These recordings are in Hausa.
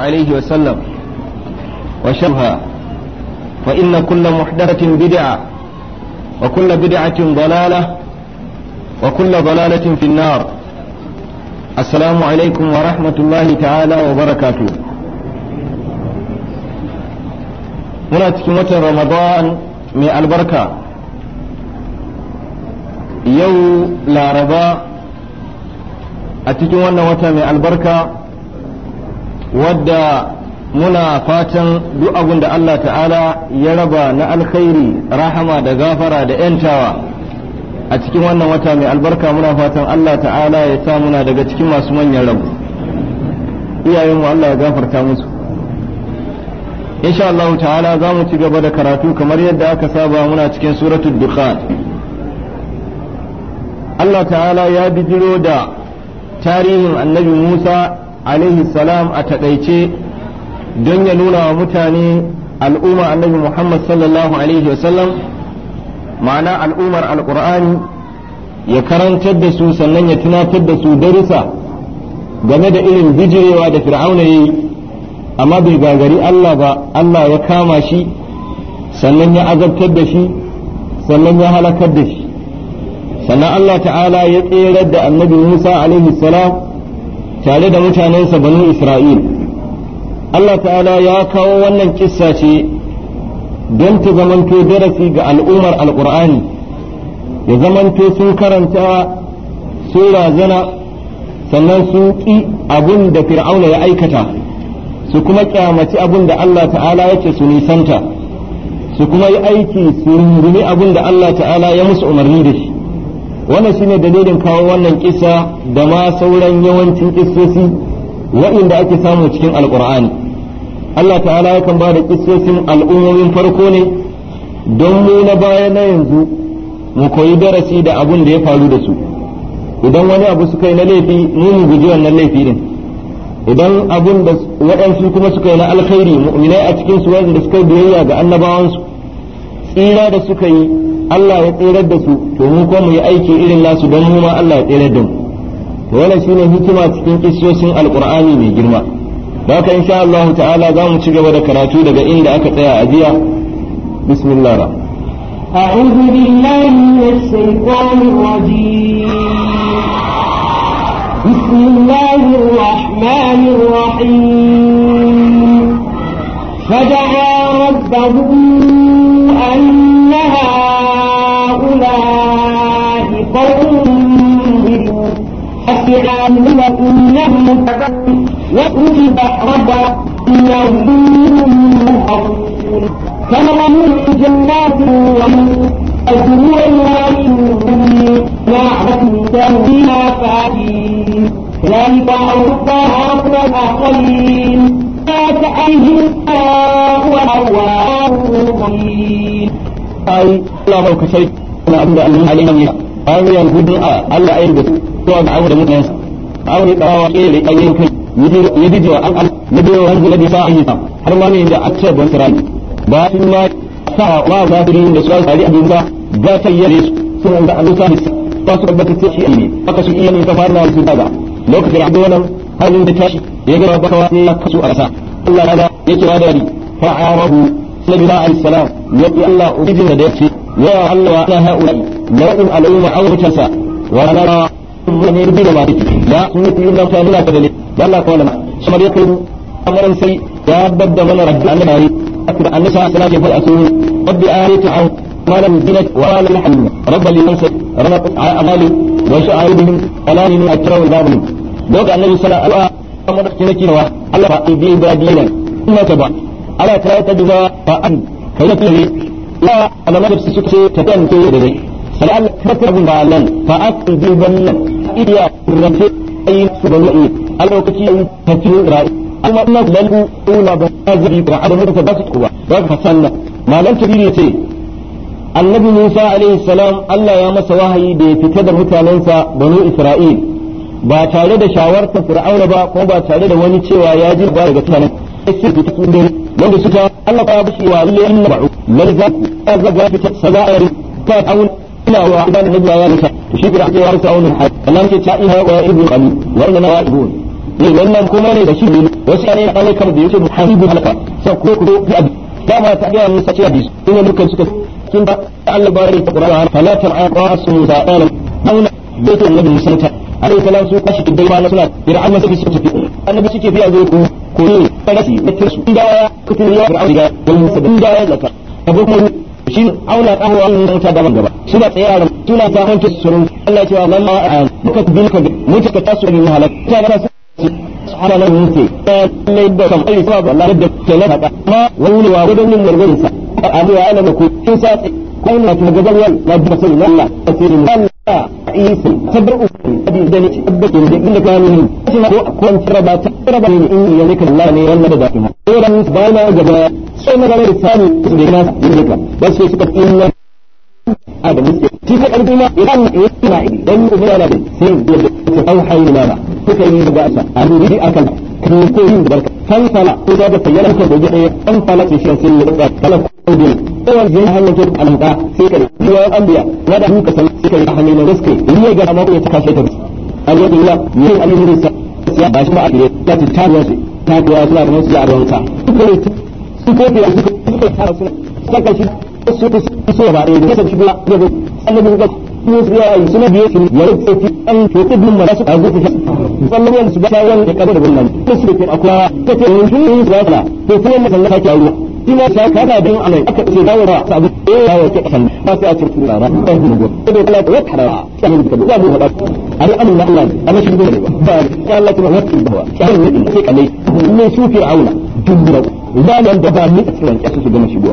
الله عليه وسلم وشرها فإن كل محدثة بدعة وكل بدعة ضلالة وكل ضلالة في النار السلام عليكم ورحمة الله تعالى وبركاته muna cikin watan ramadan mai albarka yau laraba a cikin wannan wata mai albarka wadda muna fatan duk abin da Allah ta'ala ya raba na alkhairi rahama da gafara da ‘yantawa a cikin wannan wata mai albarka muna fatan Allah ta'ala ya sa muna daga cikin masu manyan rabu iyayenmu Allah ya gafarta musu insha Allah ta'ala za mu ci gaba da karatu kamar yadda aka saba muna cikin suratul dukhan Allah ta'ala ya bijiro da tarihin annabi Musa alaihi salam a taɗaice don ya nuna wa mutane al'umma annabi muhammad sallallahu alaihi wasallam ma'ana al'ummar alƙur'ani ya karantar da su sannan ya tunatar da su darussa game da irin bijirewa da fir'auna yi amma bai gagari Allah ba Allah ya kama shi sannan ya azabtar da shi sannan ya halakar da shi sannan Allah ta'ala ya tserar da annabi Musa alaihi salam tare da mutanensa banu Isra'il. Allah ta'ala ya kawo wannan kissa ce don ta zamanto darasi ga al'ummar Al'kur'ani, ya zamanto sun karanta sun razana sannan su ƙi abin da fir'auna ya aikata su kuma kyamaci abin da Allah ta'ala yake su nisanta su kuma yi aiki su rungumi abin da Allah ta'ala ya musu umarni da shi wannan shine dalilin kawo wannan kisa da ma sauran yawancin kissosi waɗanda ake samu cikin alkur'ani Allah ta'ala yakan ba da kisosin al'ummomin farko ne don mu na baya na yanzu mu koyi darasi da abun da ya faru da su idan wani abu suka yi na laifi mu mu guji wannan laifi din idan abun da waɗansu kuma suka yi na alkhairi mu'minai a cikin su waɗanda suka yi biyayya ga annabawansu tsira da suka yi Allah ya tsirar da su to mu kuma mu yi aiki irin nasu don mu ma Allah ya tsirar da mu to wannan shine hikima cikin kissoshin alqur'ani mai girma da haka insha Allah ta'ala za mu ci gaba da karatu daga inda aka tsaya a jiya bismillah أعوذ بالله من الشيطان الرجيم بسم الله الرحمن الرحيم فدعا ربه عامل إنه فقد وكتب ربا إنهم محرمون كما من جنات ومن الزروع ومن نعمة فيها فاكين ذلك أرضها أصل الأقلين لا تأيه الماء وأواه أي لا بوك شيء أنا أبدا أن علينا من أو ألا أيضا تعد عودة من aw ni bawa ke le kayen kai yidi jo an na biyo wani ladi sa'i ta har ma ne da akce ban sirai ba sun ma sa wa za su yi da suwan sari abin ba ga tayyare su sun da an sa ba su tabbata ce shi ne aka su iya ne ta fara su daga lokacin abin wannan halin da tashi ya ga baka wa ne kasu a kasa Allah ya ya kira da ri fa'arahu nabi ba alayhi salam ya Allah ubijin da Allah ne rubi ma da in yi kullum ta nuna ka da ne da Allah ko lama sama da yake amaran sai ya badda mana rabbi an mari akbar annabi sallallahu alaihi wasallam ya faɗa rabbi ayatu an ma lam dinat wa lam hamd rabbi liman sai rana ala amali wa sha'aibihim ala min atraw babu doka annabi sallallahu alaihi wasallam amma da kike wa Allah ba bi ibadiyan inna taba ala ta ta duba fa an kai ne la ana madab su suke ta dan ko da dai sai Allah ka ta bin balan fa aqdi bin nan iya rance ayin su bani a lokacin tafiyar amma ina ina ba ta zabi ba a ba su kuwa ba ka sanna malam tabiri ce annabi Musa alaihi salam Allah ya masa wahayi da ya fita da mutanensa bani Isra'il ba tare da shawartar Fir'auna ba kuma ba tare da wani cewa ya ji ba daga tunanin sai su fita sun dare wanda suka Allah ya wa lillahi fita ta aun ina wa idan annabi ya rasa shi kuma ake aunin hajji Allah ke ta ina wa ibnu qali kuma ne da shi wasu ne da Allah kamar da yake hasibu halaka sai ko ko da dama ta ga mun sace hadis ina dukkan suka kin ba Allah bari ta Qur'an fala tar'a rasu sa'ala mauna baito annabi sallata alaihi salam su kashi dai ma suna da amma suke suke annabi suke da shin aula ta hawa an ta gaban gaba su da tsaya da tula ta hanke surun Allah cewa nan ma an muka bin ka mu ta ta surun halaka ta ga subhana Allah mun ce lalle da kan ai sa Allah da ta lafa ma wani wa gudan min murgurin sa amma ya ana ku in sa ko na ta gaban wal na da sai Allah sai isi sabar uku da da ne tabbatin da inda ka nuni kuma ko tsaraba tsaraba ne in ya ne kallon ne wannan da da ko ran ba na gaba sai na gaba da sani da na da ka ba su suka inna a da muke shi ka karfi ma idan yana idan ku yana da sai da ku auhayi na ba kuka yi da asa a ne akan kan ko yin da barka kan sala ko da bayyana ka da ya kan sala ce shi sai ya da sala أولياء أول زي هل نجد على هذا سيكري هو الأنبياء ولا هو كسل سيكري حمي من رزقي ليه جاء ما هو يتكاشف بس الذي لا من أن يرسى باش ما أدري لا تتابع تابع لا تنسى على وانسى سكري سكري سكري سكري سكري سكري bare da kasance kuma da annabi ga su yi suna biye su ya rufe an ta su a su ba wani da su ke akwai ta ce mun yi su ta a إذا كان بين عليه أكثر دورة سأقول إيه وتحسن فسأتي في الله رحمه الله لا تحرى شهر كبير لا بوها أنا أنا لا أنا أنا شو بقول قال لك ما نفس الدواء شهر من فيك علي من شو في عونة جمرة لا لا دبان أصلا أساس جمع شبوع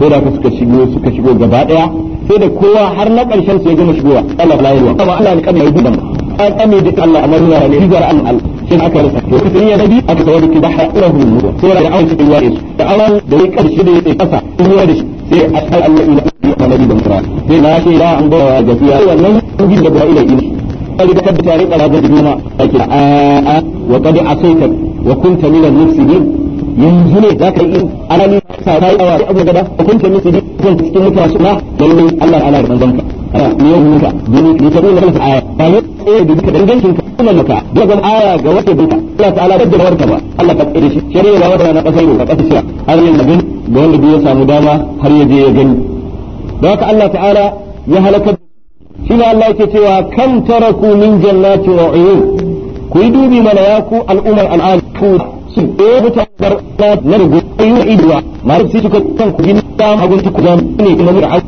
sai da suka shigo suka shigo gaba daya sai da kowa har na karshen su ya gama shigowa Allah la ilaha illa Allah ne kan mai gudan an ame da Allah a ruwa ne rigar an al shin aka rasa to kun ya dabi aka ki bahra lahu ruwa sai da an cikin wani da Allah da ya karshe da ya kasa ruwa da sai a Allah ila annabi da mutara sai na ce da an bawa gaskiya wannan ungin da ba ila yanzu ne za ka yi alami sa ta abu gaba cikin mutane suna Allah ala ne ya zunuka domin ne tafiya da aya ba ne ya yi duka dangancin ka kuma maka ya zama aya ga wata duka Allah ala da warka ba Allah ka tsere shi shari'a ba wata na kasar ka kasar shi har yin magan ga wanda biyu ya samu dama har ya je ya gani da haka Allah ta ala ya halakar shi ne Allah ke cewa kan taraku min jannati wa uyun ku yi dubi mana ya ku al'ummar al'ada ku su ɗaya mutanen na rigo ayyuka idiwa malik sai kuka kan ku gina ta hagun ku zan ne kuma mura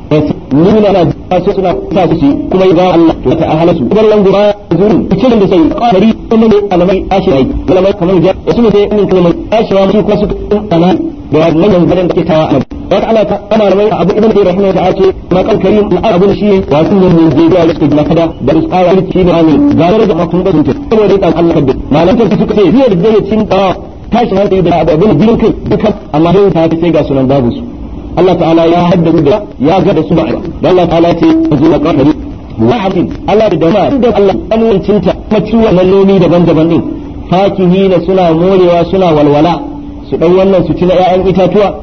ni na na ba su suna sa ku ci kuma ga Allah a ta ahalasu idan lan gura zurun cikin da sai qadari kuma ne alamai ashirai alamai kamar ja su ne sai in kalmar ashira su kuma su kana da wannan yan garin da ke tawa a wa ta'ala ta ana a abu ibn da rahimahu ta ce ma kan karim al arabun shi wa sun ne ne da ya suka kada da tsara shi ne amin ga da sun ce saboda Allah kadda malan ta suka ce biyar da cin ta tashin hankali da abu abin gurin kai duka amma sai ta sai ga sunan babu su Allah ta'ala ya haddada da ya ga da su ba da Allah ta'ala ce zuwa qadari wa'afin Allah da dama da Allah alwancin ta maciwa malloli daban-daban din fakihina suna morewa suna walwala su dau wannan su ci na ƴaƴan itatuwa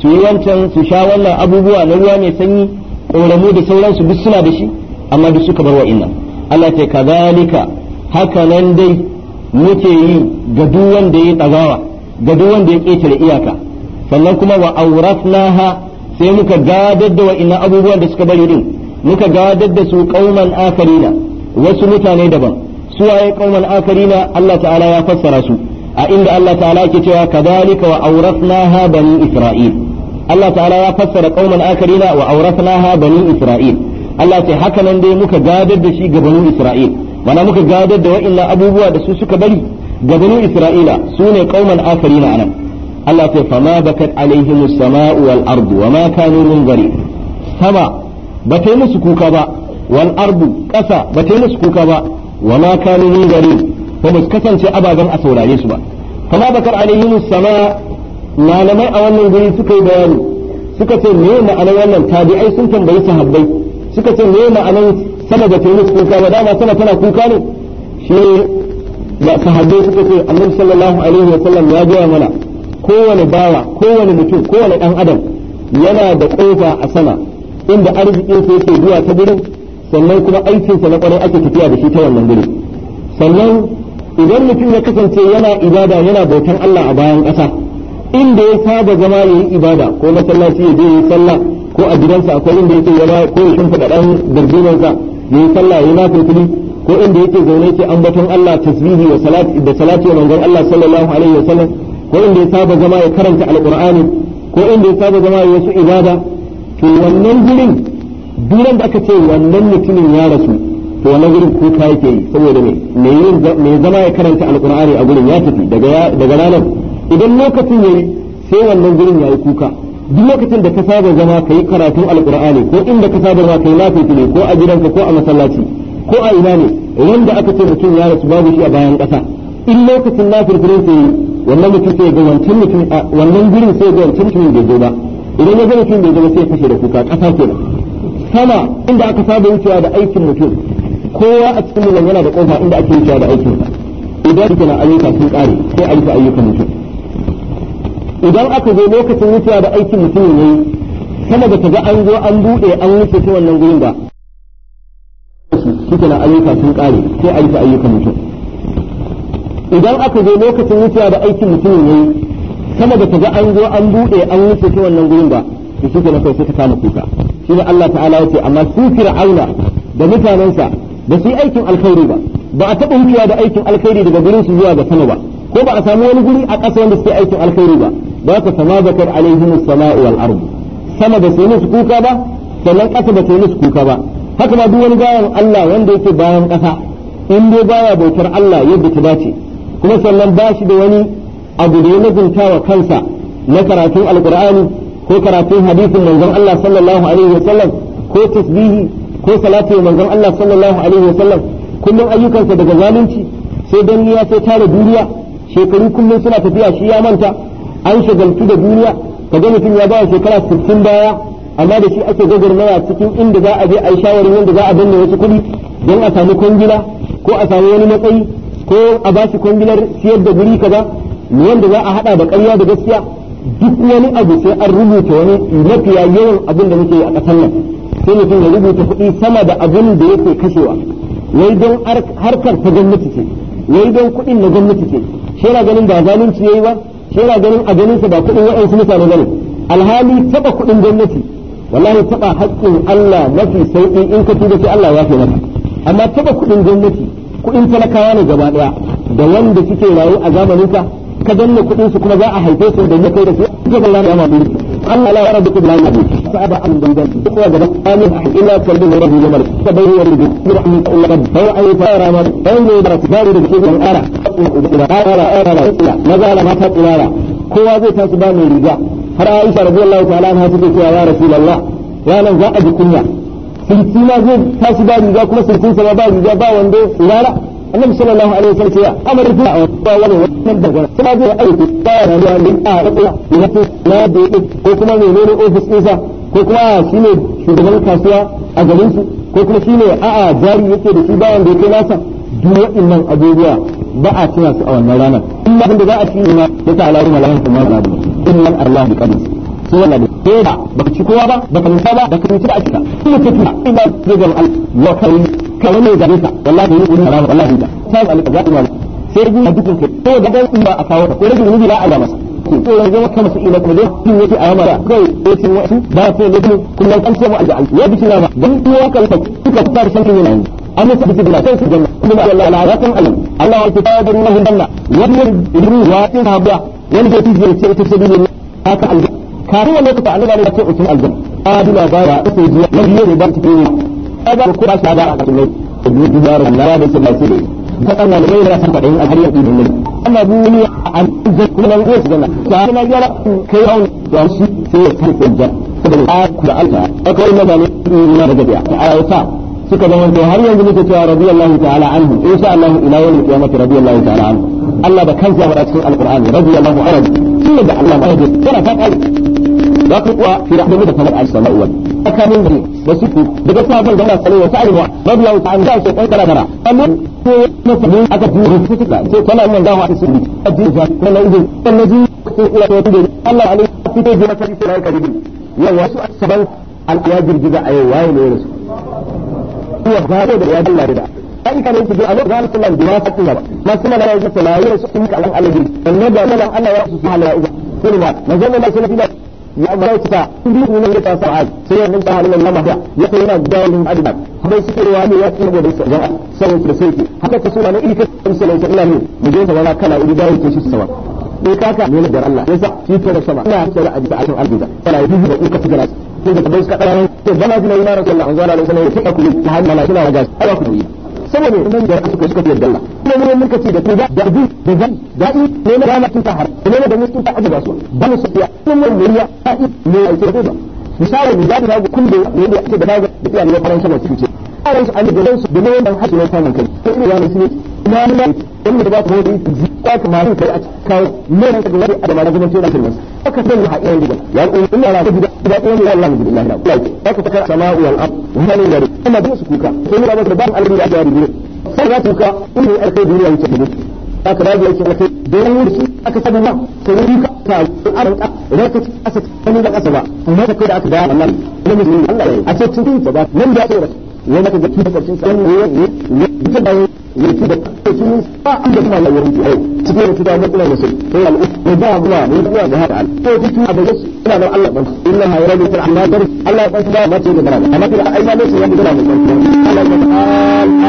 su yi wancan su sha wannan abubuwa na ruwa mai sanyi ƙoramu da sauransu duk suna da shi amma duk suka bar wa'innan Allah ta kazalika haka nan dai muke yi ga duk wanda ya ɗagawa ga duk wanda ya ƙetare iyaka sannan kuma wa auratnaha sai muka gadar da wa'ina abubuwan da suka bari din muka gadar da su kauman akarina wasu mutane daban su waye qauman akarina Allah ta'ala ya fassara su a inda Allah ta'ala ke cewa kadhalika wa auratnaha bani isra'il Allah ta'ala ya fassara qauman akarina wa auratnaha bani isra'il Allah ce haka nan dai muka gadar da shi ga bani isra'il mana muka gadar da wa'annan abubuwa da su suka bari ga banu isra'ila su ne qauman na anan Allah ta fama bakat alaihim as-sama'u wal ardu wa ma kanu munzari sama ba ta musu kuka ba wal ardu kasa ba ta musu kuka ba wa ma kanu munzari ba mu kasance ababen a saurare su ba fama bakar alaihim as-sama malamai a wannan guri suka yi bayani suka ce me ma'anar wannan tabi'ai sun tambayi sahabbai suka ce me ma'anar sama da ta yi musu kuka ba dama sama tana kuka ne shi da sahabbai suka ce annabi sallallahu alaihi wa sallam ya gaya mana kowane bawa kowane mutum kowane dan adam yana da kofa a sama inda arzikinsa yake zuwa ta gurin sannan kuma aikinsa na kwarai ake tafiya da shi ta wannan gurin sannan idan mutum ya kasance yana ibada yana bautan Allah a bayan ƙasa inda ya saba zama ya yi ibada ko masallaci ya je ya yi sallah ko a gidansa akwai inda yake yana ko ya shimfiɗa ɗan garjinansa yayi sallah yayi nafilfili ko inda yake zaune yake ambaton Allah tasbihi wa salati da salati wa manzon Allah sallallahu alaihi wa sallam ko inda ya saba zama ya karanta alqur'ani ko inda ya saba zama ya wasu ibada to wannan gurin duran da aka ce wannan mutumin ya rasu to wannan gurin kuka yake yi saboda me me zama ya karanta alqur'ani a gurin ya tafi daga daga ranar idan lokacin yayi sai wannan gurin yayi kuka duk lokacin da ka saba zama ka yi karatun alkur'ani ko inda ka saba zama ka yi ne ko a gidanka ko a masallaci ko a ina ne wanda aka ce mutum ya rasu babu shi a bayan ƙasa in lokacin lafiyar sai wannan mutum sai ga wancan mutum wannan gurin sai ga wancan mutum bai zo ba idan ya ga mutum bai zo sai fashe da kuka ƙasa da sama inda aka saba wucewa da aikin mutum kowa a cikin mu yana da kofa inda ake wucewa da aikin sa idan kana ayyuka sun ƙare sai ayyuka ayyukan mutum idan aka zo lokacin mutuwa da aikin mutum ne kada da ta ga an zo an bude an wuce ta wannan gurin ba na ayyuka sun kare sai ayyuka ayyukan mutum idan aka zo lokacin mutuwa da aikin mutum ne kada da ta ga an zo an bude an wuce ta wannan gurin ba to na kai sai ka kama kuka shi ne Allah ta'ala yace amma su fir'auna da mutanensa ba su yi aikin alkhairi ba ba a taɓa mutuwa da aikin alkhairi daga gurin su zuwa ga sama ba ko ba a samu wani guri a ƙasa wanda suke aikin alkhairi ba ba ta sama zakar alaihim sama'u wal ardu sama da sai musu kuka ba sannan ƙasa da sai musu kuka ba haka ma duk wani bayan Allah wanda yake bayan ƙasa in dai baya bautar Allah yadda ta dace kuma sannan ba shi da wani abu da ya nazinta wa kansa na karatun alqur'ani ko karatun hadisin manzon Allah sallallahu alaihi wasallam ko tasbihi ko salati wa manzon Allah sallallahu alaihi wasallam kullum ayyukansa daga zalunci sai danniya sai tare duniya shekaru kullum suna tafiya shi ya manta an shagaltu da duniya ka ga mutum ya bawa shekara sittin baya amma da shi ake gagarmaya cikin inda za a je a yi shawarin yadda za a danna wasu kuɗi don a samu kwangila ko a samu wani matsayi ko a ba shi kwangilar siyar da guri kaza wanda za a haɗa da ƙarya da gaskiya duk wani abu sai an rubuta wani mafiya yawan abin da muke a ƙasar nan sai mutum ya rubuta kuɗi sama da abin da yake kashewa wai don harkar ta gwamnati ce wai don kuɗin na gwamnati ce shi yana ganin ba zalunci yayi ba shi yana ganin a ganin sa ba kuɗin waɗansu mutane bane alhali taɓa kuɗin gwamnati wallahi taɓa haƙƙin Allah mafi sauƙi in ka tuba sai Allah ya fi maka amma taɓa kuɗin gwamnati kuɗin talakawa ne gaba ɗaya da wanda suke rayu a zamanin ka danna kuɗin su kuma za a haife su da ya kai da su ga Allah ya ma Allah ya rabu صعب أن بلدان وجب آمن أحد إلا كلمه ربه لملك فبيه ورده برحمة الله قد فرعي فارا من أين برك بارد بحيث الآلة آلة آلة إلا مزال ما تطلالا هو ذي تسبان الرجاء فرائشة رضي الله تعالى عنها تقول يا رسول الله يا من جاء بكنا سلسلة ذي تسبان الرجاء كما سلسلة سبابان الرجاء باوان دي لا لا النبي صلى الله عليه وسلم يا أمر الرجاء وطاوله من دغنا سبابه أيضا طارا يا لن آلة لا دي وكما من أوفس إيسا ko kuma shi ne shugaban kasuwa a garin su ko kuma shi ne a'a jari yake da shi bayan da yake nasa duk waɗannan abubuwa ba a tuna su a wannan rana in abin da za a ci ma ya ta alaru malahan su ma zabi in man Allah bi qadis wala da ke da baka ci kowa ba baka kan ba da kan a cika in kuma na ta ba zai ga Allah kawai ne gare ka wallahi ne in haram wallahi da sai Allah ya ga sai ji a dukkan ko da ba a kawo ko da zunubi la a ga masa yake to yanzu maka masu ila kuma dai yake a yamara kai ko cin wasu ba ko ne kuma kullum an ce mu aljal ya bi kira ba dan kuwa ka ka kuka ta san kin yana an ne sabbi da sai sabbi kuma Allah Allah Allah rakan alim Allah wal kitabun lahu danna wani yuri waqin habia wani da tiji ce ta sabbi ne haka alji kafin wannan ka Allah ne da ce usul aljal adula ba ya ce ji nan ne da ban tafi ba ko ka sha da ka ne da duniyar Allah da sabbi ne ka kana ne da san kadai a hariyar ibn Allah ana duniya a zai kuma nan zai gana ta na gara kai yawon da su sai ya kai kujja saboda ta kuma alta aka yi magana na daga biya ta ayata suka zama to har yanzu muke cewa radiyallahu ta'ala anhu insha Allah ila yawm al-qiyamah radiyallahu ta'ala anhu Allah da kansa ya fara cikin alqur'ani radiyallahu anhu shi da Allah ba ya kana fa kai na fi kuwa fi rahmanu da kamar alisa ma'uwa tsakanin da da su ku daga sabon da wani sanarwa ta arewa babu yawon ta'an amma ko na aka buɗe su suka ce kwana dawa a ji zuwa na na'udin kan na ji sun kula da wata allah a fito ji karibin a saban al'aya a yau waye ne ba da ya dalla da an ka ne a lokacin Allah sallan bima fatin ma kuma da su Allah da Allah Allah ya su halala uba kullu ma Allah ya ba ta kuma kuma ne ta sa'a sai ya nan halin Allah ya kai yana dalilin adab kuma su ke wani ya kuma da su ga sai su sai haka ta sura ne ilka sallallahu alaihi mu je ta wala kala uri da yake shi sawa ne kaka ne da Allah yasa shi ke a cikin aljiza kana yi da kuka tigara ko da bai suka dara ko bana jina ina rasulullahi ne nan da suka suka biyar dalla kuma mun muka ce da kuda da abin da zan da yi ne na rana tun ta har ne na da mun tun ta ajiba su ba mu sabiya mun mun muriya da'i ne ai ce da misali mu zabi rago kun da ne da ake da rago da iyalan faransa ba su ce a su an da su da ne wannan hakkin samun kai to irin wannan su ne na mun in da ba ku hori ba ku mari kai a kawo ne nan ka wani da zaman tsoron kirmas haka ya iya gidan ya ku in yana da gidan da kuma ya Allah mu na ku ba fakar sama'u ba su kuka sai ya ba su ba al'amari da ajiyar gidan sai ya kuka in ne alkai aka dawo alkai aka sabu ba sai ya kuka ta aran ka raka ci asa wani da kasa ba amma da kai da aka dawo wannan ne Allah ya a ce cikin ta ba nan da ya wani sarkin sa ta bayan yanki da cikin ba an da kuma lawar ki ai cikin wata da mutum da sai sai da ba ba da cikin abin da ina da Allah ban inna ma yara da Allah dar Allah ban da ma ce da bara amma kira ai ma ne sai yanda da mutum Allah ban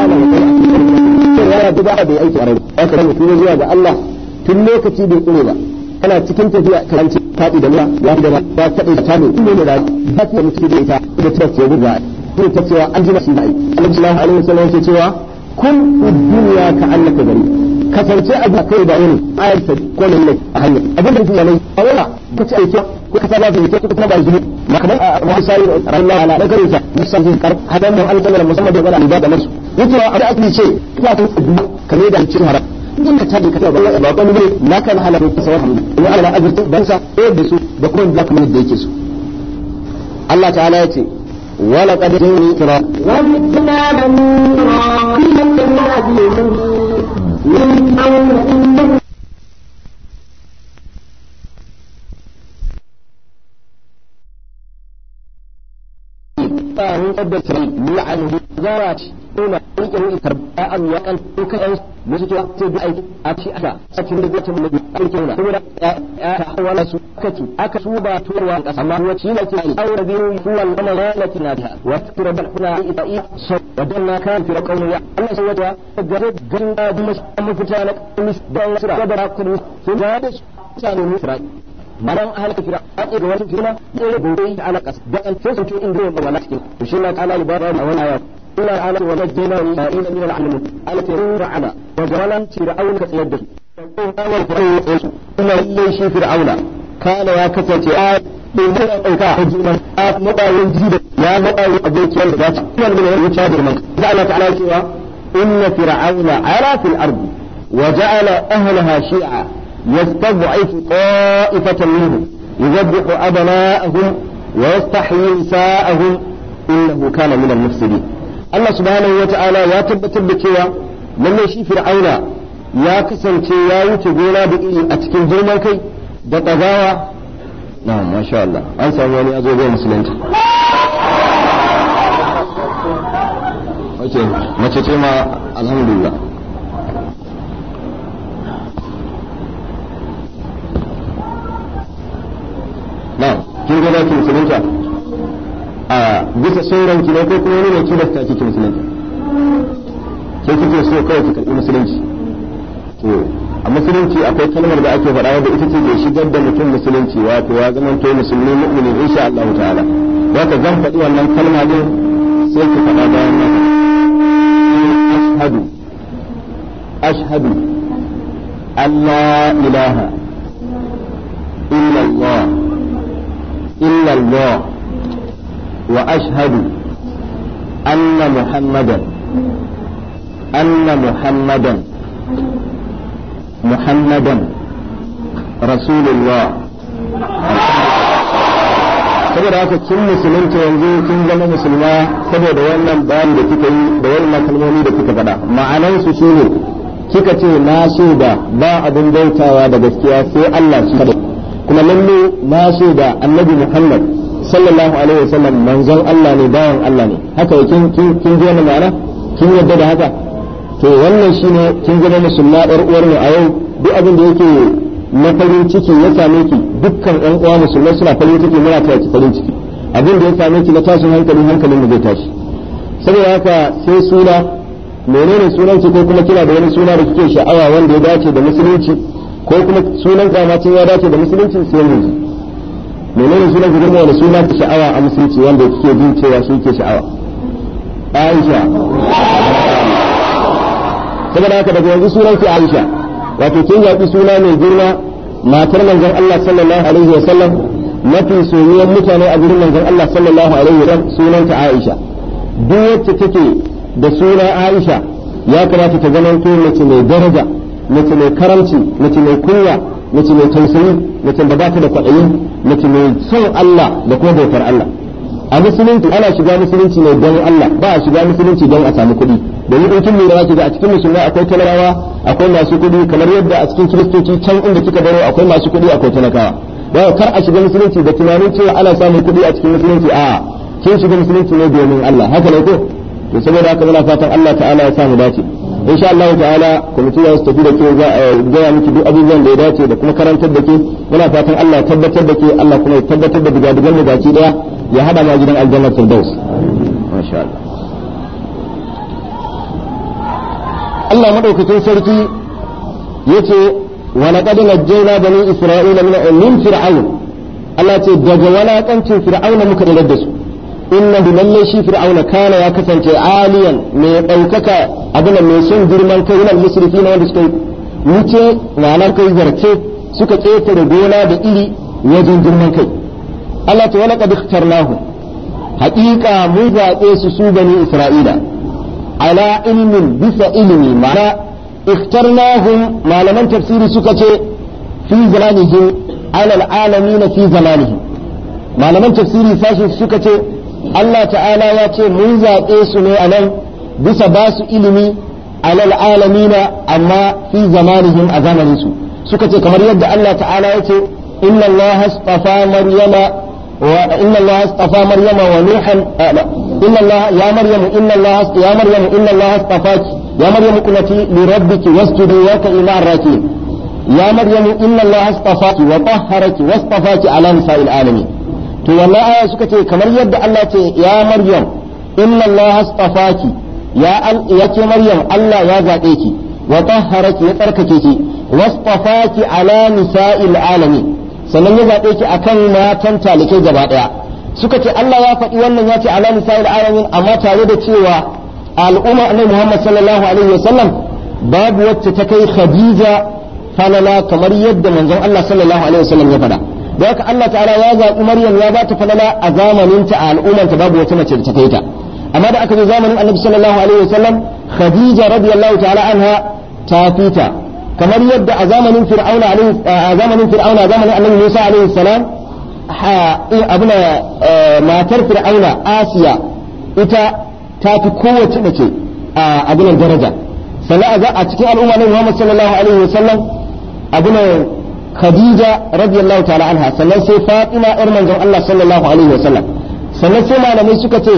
Allah Allah ya rabu da bai aiki a rai aka rabu kuma zuwa ga Allah tun lokaci bai tsore ba kana cikin tafiya karanci faɗi da mura ya da ba kaɗai da tano in ne da ba da ita da ta ce gudu ba ta cewa an ji shi ai Allah wasallam ce cewa kun duniya ka annaka gari kasance a kai da wani ayar ta ko ne a hanya abin da kuma ne a wala ko ce ake ko ka saba zuwa ko kuma ba zuwa ma kamar a sai Allah ala da gari ta musan zin kar hadan da alƙalar musamman da wala da nasu yake a da asali ce kuma ta duniya kame da cin haram in ka tabi ka ta wallahi ba ko ne na kan halaka ko sawar ko da su da kuma da yake su Allah ta'ala ya ce ولقد جئنا وجدنا بني إسرائيل من أول قد سري ملعن بالزواج suna rike wani karba an ya kan duka yan musu cewa sai bi aiki a ci aka sakin da zai mu aiki wala kuma ya ta wala su kace aka su ba turwa ka sama wa shi ne ce aure biyu kuwan kana lalati na ta wa tikra bal kuna ita i so wadanna kan fi qawmi ya Allah sai wata gare ganda da musu fita na kamis da sura da rakun su da da sa ne misra maran ahalaka fira an ga wani firma ne gobe ta alakas da an sai to inda wala cikin to shi na kana libara wala ya إلا العالم ونجينا إسرائيل من العالمين التي رفعنا وجعلنا فرعون كتيده فقال فرعون يقول إن إليش فرعون كان يا كتيتي آت بمن أوكا حجيما آت مقاوم جديد يا مقاوم أبوك يلغات من من يتشابر منك زعلت على سوى إن فرعون على في الأرض وجعل أهلها شيعا يستضعف طائفة منهم يذبح أبناءهم ويستحيي نساءهم إنه كان من المفسدين Allah subhanahu ta'ala ya tabbatar da cewa lallai shi fir'auna ya kasance ya wuce gona da iri a cikin girman kai da ɗagawa na masha Allah an samu wani azo bai musulunta ok mace ce ma alhamdulillah yake son ranki ne ko kuma wani ne a kike musulunci sai kike so kawai ki karɓi musulunci to a musulunci akwai kalmar da ake faɗa wadda ita ce ke shigar da mutum musulunci wato ya zama to musulmi mu'mini insha Allah ta'ala haka zan faɗi wannan kalma ne sai ki faɗa bayan nan ashhadu ashhadu Allah ilaha illa Allah وأشهد أن محمدا أن محمدا محمدا رسول الله saboda haka kin musulunta yanzu kin zama musulma saboda wannan ban da kika yi da wannan kalmomi da kika faɗa ma'anan su shine kika ce na shaida ba abin bautawa da gaskiya sai Allah shi kuma lalle na da Annabi Muhammad sallallahu alaihi wasallam manzon Allah ne bayan Allah ne haka kin kin kin ji wannan ma'ana kin yadda da haka to wannan shine kin zama musulma dar uwar mu a yau duk abin da yake na farin ciki ya same ki dukkan ɗan uwa musulmai suna farin ciki muna taya ki farin ciki abin da ya same ki na tashin hankali hankalin mu zai tashi saboda haka sai suna menene sunan ki ko kuma kina da wani suna da kike sha'awa wanda ya dace da musulunci ko kuma sunan kamacin ya dace da musulunci sai yanzu menene sunan girma wani suna ta sha'awa a musulunci wanda kike jin cewa shi ke sha'awa aisha saboda haka daga yanzu sunan ki aisha wato kin yaƙi suna mai girma matar manzon Allah sallallahu alaihi wasallam mafi soyayyen mutane a gurin manzon Allah sallallahu alaihi wasallam sunanta aisha duk wacce take da suna aisha ya kamata ta zama mace mai daraja mace mai karamci mace mai kunya mace mai tausayi mace da ba ta da kwaɗayi mace mai son Allah da kuma bautar Allah a musulunci ana shiga musulunci ne don Allah ba a shiga musulunci don a samu kuɗi domin in kin lura ki ga a cikin musulma akwai talarawa akwai masu kuɗi kamar yadda a cikin kiristoci can inda kika baro akwai masu kuɗi akwai talakawa ba kar a shiga musulunci da tunanin cewa ana samun kuɗi a cikin musulunci a kin shiga musulunci ne domin Allah haka ne ko to saboda haka muna fatan Allah ta'ala ya sa mu dace in sha Allah ta'ala kuma ya su tafi da ke za a gaya miki duk abubuwan da ya dace da kuma karantar da ke muna fatan Allah ya tabbatar da ke Allah kuma ya tabbatar da digadigan mu baki daya ya hada ma gidan aljanna firdaus masha Allah Allah madaukakin sarki yace wa laqad najjayna bani isra'ila min min fir'aun Allah ce daga walakancin fir'auna muka da su bi lalle shi fir'auna kana ya kasance aliyan me ɗaukaka abin mai son girman kai nan na wanda suka wuce ranar kai zarce suka ƙetare gona da iri wajen girman kai Allah ta wala qad ikhtarnahu haqiqa mu zaɓe su su bani isra'ila ala ilmin bisa ilmi ma'ana ikhtarnahum malaman tafsiri suka ce fi zamanihim ala alamin fi zamanihim malaman tafsiri sashin suka ce Allah ta'ala ya ce mun zaɓe su ne a nan bisa ba su ilimi alal alamina amma fi zamanihim a zamanin su suka ce kamar yadda Allah ta'ala ya ce inna Allah astafa maryama wa inna Allah astafa maryama wa nuhan inna Allah ya maryamu inna Allah ya maryamu inna Allah astafaki ya maryamu kunati li rabbiki wasjudi wa ya maryamu inna Allah astafaki wa tahharaki wastafaki ala nisa'il alamin to wannan aya suka ce kamar yadda Allah ce ya maryam inna Allah astafaki ya ya ce maryam Allah ya zabe ki wa tahharaki ya tsarkake ki wastafaki ala nisa'il alami sannan ya zabe ki akan matan talikai gaba daya suka ce Allah ya faɗi wannan ya ce ala nisa'il alami amma tare da cewa al'umma annabi Muhammad sallallahu alaihi wasallam babu wacce ta kai Khadija falala kamar yadda manzon Allah sallallahu alaihi wasallam ya faɗa da haka Allah ta'ala ya zaɓi Maryam ya ba ta falala a zamanin ta a ta babu wata mace da ta kai ta amma da aka zo zamanin Annabi sallallahu alaihi wasallam Khadija radiyallahu ta'ala anha ta fita kamar yadda a zamanin Fir'auna a zamanin Fir'auna zamanin Annabi Musa alaihi salam abuna eh, matar Fir'auna Asiya ita ta fi kowace mace a abunan daraja sana'a za a cikin al'umma na Muhammad sallallahu alaihi wasallam abunan khadija radiyallahu ta'ala sannan sai fatima yar manzon Allah sallallahu alaihi wasallam sannan sai malamai suka ce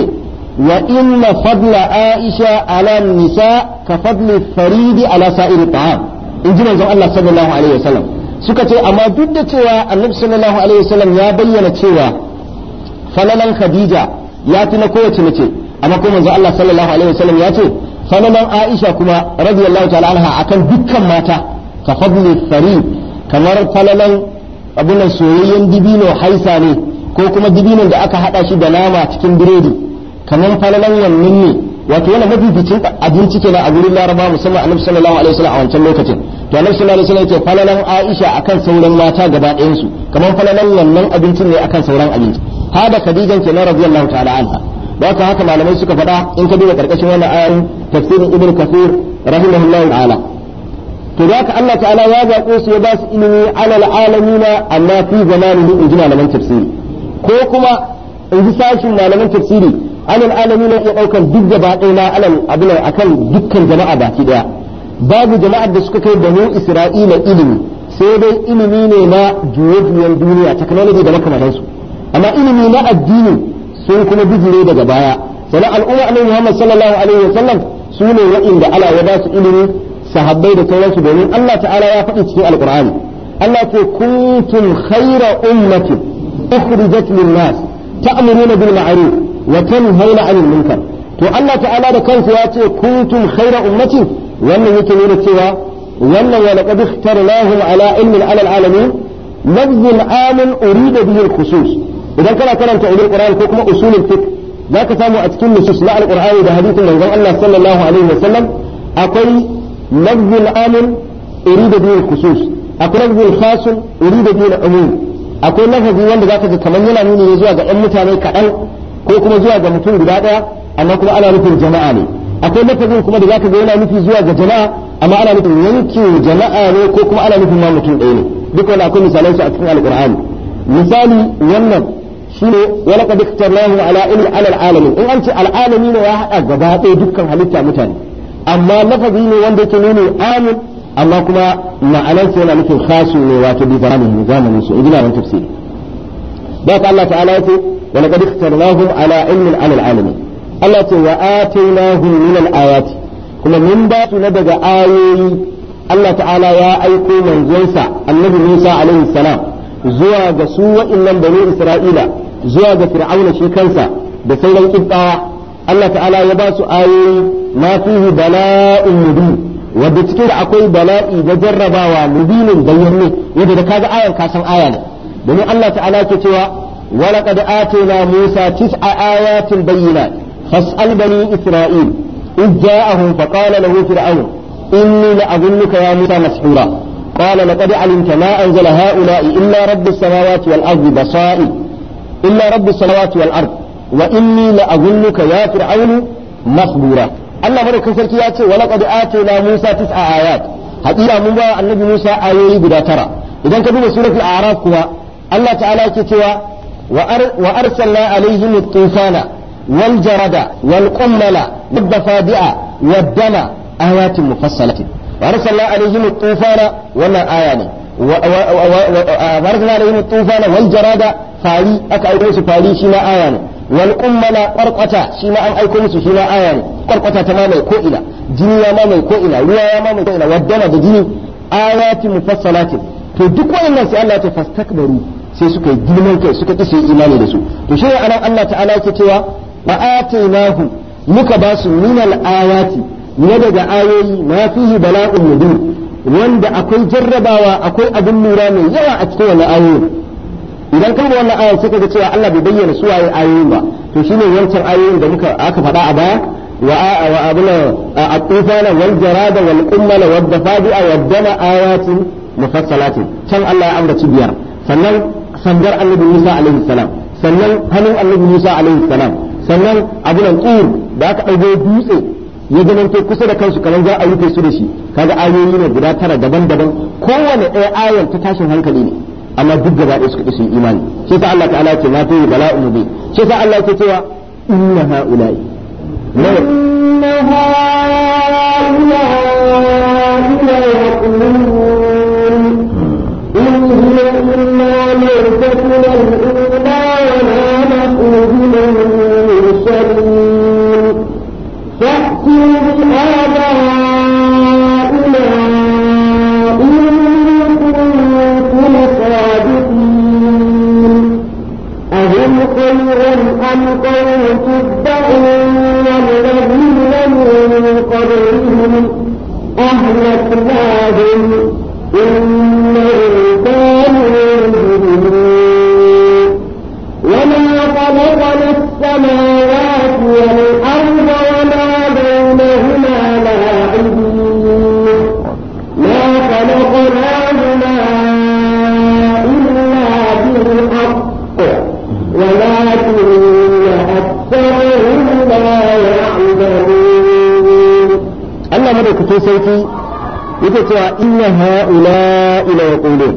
wa inna fadla aisha ala nisa ka fadli faridi ala sa'iri ta'am in ji manzon Allah sallallahu alaihi wasallam suka ce amma duk da cewa annabi sallallahu alaihi wasallam ya bayyana cewa falalan khadija ya fi na kowace mace amma kuma manzon Allah sallallahu alaihi wasallam ya ce falalan aisha kuma radiyallahu ta'ala anha akan dukkan mata ka kamar falalan abin soyayyen dibino haisa ne ko kuma dibinon da aka hada shi da nama cikin biredi kamar falalan wannan ne wato yana mafificin abinci kenan a gurin laraba musamman annabi sallallahu alaihi wasallam a wancan lokacin to annabi sallallahu alaihi wasallam ce falalan aisha akan sauran mata gaba ɗayan su kamar falalan wannan abincin ne akan sauran abinci hada khadijan kenan radiyallahu ta'ala anha da haka haka malamai suka faɗa in ka duba karkashin wannan ayar tafsirin ibnu kafir rahimahullahu ta'ala to da Allah ta'ala ya zaɓe su ya ba su ilimi alal alamina amma fi zamanihi in ji malaman tafsiri ko kuma in ji sashin malaman tafsiri alal alamina ya ɗaukar duk gaba ɗaya na alal a akan dukkan jama'a baki ɗaya babu jama'ar da suka kai banu isra'ila ilimi sai dai ilimi ne na juye-juyen duniya technology da makamantansu amma ilimi na addini sun kuma bijire daga baya sannan al'umma annabi Muhammad sallallahu alaihi wa sallam su ne wa'inda Allah ya ba su ilimi sahabbai da sauransu domin Allah ta'ala ya faɗi cikin alqur'ani Allah ce kuntum khayra ummatin ukhrijat lin-nas ta'muruna bil ma'ruf wa tanhauna 'anil munkar to Allah ta'ala da kansa ya ce kuntum khayra ummatin wannan yake nuna cewa wannan wa laqad ikhtarnahum ala ilmin 'ala al-alamin lafzul 'amun urida bihi al-khusus idan kana karanta ulul qur'an ko kuma usulul fiqh zaka samu a cikin nusus na al-qur'ani da hadisin manzon Allah sallallahu alaihi sallam akwai لفظ العام أريد به الخصوص أكو لفظ الخاص أريد به العموم أكو لفظ wanda zaka ji kamar yana nuni ne zuwa ga ɗan mutane kaɗan ko kuma zuwa ga mutum guda ɗaya amma kuma ana jama'a ne akwai lafazin kuma da zaka ga yana nufi zuwa ga jama'a amma ana nufin yankin jama'a ne ko kuma ana nufin ma mutum ɗaya ne duk wanda akwai misalan a cikin alqur'ani misali wannan shine wa laqad ikhtarnahu ala ilmi ala alamin in an ce al'alami ne ya haɗa gaba ɗaya dukkan halitta mutane amma lafazi ne wanda yake nuni amin amma kuma ma'anarsa yana nufin khasu ne wato bi zamanin zamanin su in ji tafsiri da ka Allah ta'ala yace wa laqad ikhtarnahum ala ilmin alal alamin Allah ce wa atainahum min al ayati kuma mun ba su na daga ayoyi Allah ta'ala ya aiko manzonsa annabi Musa alaihi salam zuwa ga su wa'annan bani Isra'ila zuwa ga Fir'auna shi kansa da sauran kibbawa Allah ta'ala ya ba su ayoyi ma fihi bala'un mubin wanda cikin da akwai bala'i ga jarrabawa mubinin bayyan ne yadda da kaga ayan ka san aya ne domin Allah ta'ala ke cewa wa laqad na Musa tis'a ayatin bayyinat fas'al bani Isra'il idh ja'ahum fa qala lahu fir'aun inni la'azunnuka ya Musa mashura qala laqad 'alimta ma anzala ha'ula'i illa rabbus samawati wal ardi basa'i illa rabbus samawati wal ardi wa inni la azunnuka ya fir'aunu masbura Allah madaukakin sarki ya ce wa laqad atayna Musa tis'a ayat haƙiƙa mun ba annabi Musa ayoyi guda tara idan ka duba suratul a'raf kuwa Allah ta'ala yake cewa wa arsalna alaihim at-tufana wal jarada wal qammala wannan aya ne. wa وأرسلنا عليهم الطوفان وما wal jarada عليهم aka والجراد su أكا shi na aya ne. wal kummala qarqata shi ma an aiko musu shi ma aya ne qarqata ta mamaye ko ina jini ya mamaye ko ina ruwa ya mamaye ko ina waddana da jini ayati mufassalatin to duk wayannan sai Allah ya fastakbaru sai suka yi girman kai suka ƙi su imani da su to shi anan Allah ta'ala yake cewa wa atainahu muka ba su min al-ayati na daga ayoyi ma fihi bala'un mubin wanda akwai jarrabawa akwai abin lura mai yawa a cikin wani ayoyi idan ka da wannan ayar suka ga cewa Allah bai bayyana su waye ayoyin ba to shine wancan ayoyin da muka aka faɗa a baya wa wa abuna at-tufana wal jarada wal qummala wad dafadi'a wad dama ayatin mufassalatin can Allah ya ambaci biyar sannan sandar annabi Musa alaihi salam sannan hannun annabi Musa alaihi salam sannan abuna qur da aka dago dutse ya zamanto kusa da kansu kamar za a yi su da shi kaga ayoyi ne guda tara daban-daban kowane ɗaya ayar ta tashin hankali ne amma duk gaba ɗaya suka ƙi sun imani shi sa Allah ta'ala ce ma ta yi bala'u mubi shi Allah ke cewa inna ha'ula'i inna ha'ula'i ان ko sarki yake cewa inna ha'ula ila yaqulun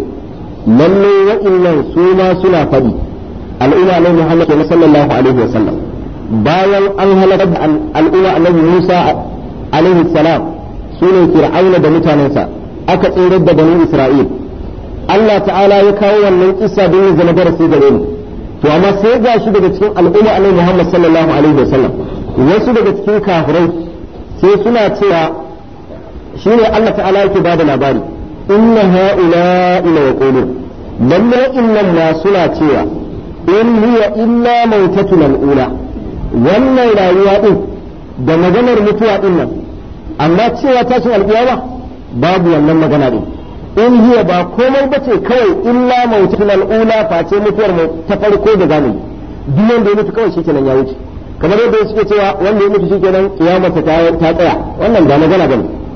lalle wa'annan su ma suna fadi al'umma annabi Muhammad sallallahu alaihi wasallam bayan an halakar da al'umma annabi Musa alaihi salam sune fir'auna da mutanensa aka tsirar da bani Isra'il Allah ta'ala ya kawo wannan kisa don ya zama darasi gare mu to amma sai ga shi daga cikin al'umma annabi Muhammad sallallahu alaihi wasallam wasu daga cikin kafirai sai suna cewa ne Allah ta'ala yake bada labari inna haula ila yaqulu lalle inna ma suna cewa in huwa illa mautatun ula, wannan rayuwa din da maganar mutuwa din nan amma cewa ta tashin alƙiyawa babu wannan magana din in huwa ba komai bace kawai illa mautatun al'ula face mutuwar mu ta farko da zamu yi duk wanda ya mutu kawai shikenan ya wuce kamar yadda suke cewa wanda ya mutu shikenan kiyama ta ta tsaya wannan ba magana bane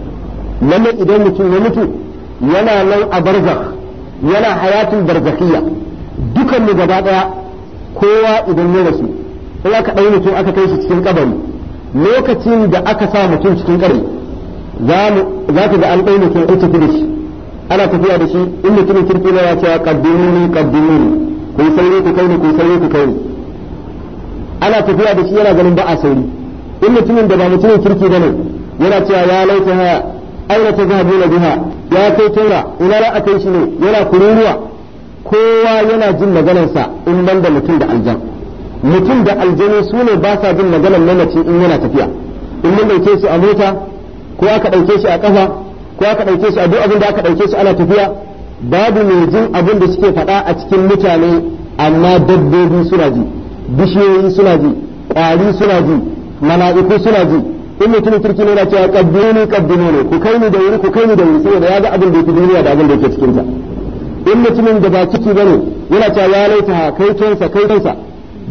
lallai idan mutum ya mutu yana nan a barzakh yana hayatin barzakhiyya dukan mu gaba daya kowa idan ya rasu in aka ɗau mutum aka kai shi cikin kabari lokacin da aka sa mutum cikin kabari za ka ga an ɗau mutum ita tafi shi ana tafiya da shi in mutumin kirki na ya cewa kaddimuni kaddimuni ku sauri ku kai ni ku sauri ku kai ne ana tafiya da shi yana ganin ba a sauri in mutumin da ba mutumin kirki bane yana cewa ya laita haya. aina ta na biha ya kai taura ina za a kai shi ne yana kururuwa kowa yana jin maganarsa in ban da mutum da aljan mutum da aljanu su ne ba sa jin maganar mamaci in yana tafiya in mun dauke shi a mota ko aka dauke shi a kafa ko aka dauke shi a duk abin da aka dauke shi ana tafiya babu mai jin abin da suke faɗa a cikin mutane amma dabbobi suna ji bishiyoyi suna ji ƙwari suna ji mala'iku suna ji in mutumin kirki ne da cewa kaddini kaddini ne ku kai ni da wuri ku kai ni da wuri saboda ya ga abin da yake duniya da abin da yake cikin ta in mutumin da ba ciki bane yana cewa ya laita kai kensa kai kensa